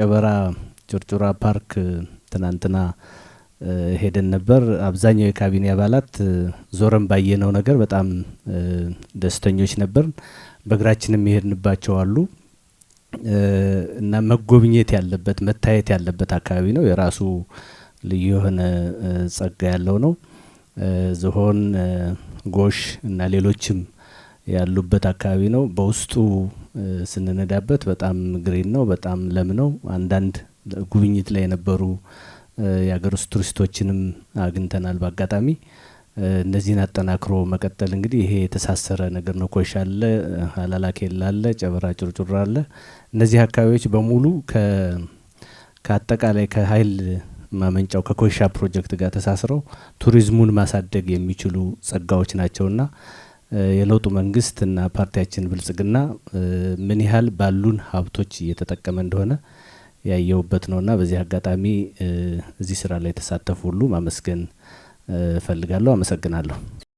ጨበራ ጩርጩራ ፓርክ ትናንትና ሄደን ነበር። አብዛኛው የካቢኔ አባላት ዞረን ባየነው ነገር በጣም ደስተኞች ነበር። በእግራችንም የሚሄድንባቸው አሉ እና መጎብኘት ያለበት መታየት ያለበት አካባቢ ነው። የራሱ ልዩ የሆነ ጸጋ ያለው ነው። ዝሆን፣ ጎሽ እና ሌሎችም ያሉበት አካባቢ ነው። በውስጡ ስንነዳበት በጣም ግሪን ነው፣ በጣም ለም ነው። አንዳንድ ጉብኝት ላይ የነበሩ የሀገር ውስጥ ቱሪስቶችንም አግኝተናል በአጋጣሚ። እነዚህን አጠናክሮ መቀጠል እንግዲህ ይሄ የተሳሰረ ነገር ነው። ኮሻ አለ፣ ሀላላ ኬላ አለ፣ ጨበራ ጩርጩራ አለ። እነዚህ አካባቢዎች በሙሉ ከአጠቃላይ ከኃይል ማመንጫው ከኮይሻ ፕሮጀክት ጋር ተሳስረው ቱሪዝሙን ማሳደግ የሚችሉ ጸጋዎች ናቸውና የለውጡ መንግስት እና ፓርቲያችን ብልጽግና ምን ያህል ባሉን ሀብቶች እየተጠቀመ እንደሆነ ያየውበት እና በዚህ አጋጣሚ እዚህ ስራ ላይ የተሳተፉ ሁሉ ማመስገን እፈልጋለሁ። አመሰግናለሁ።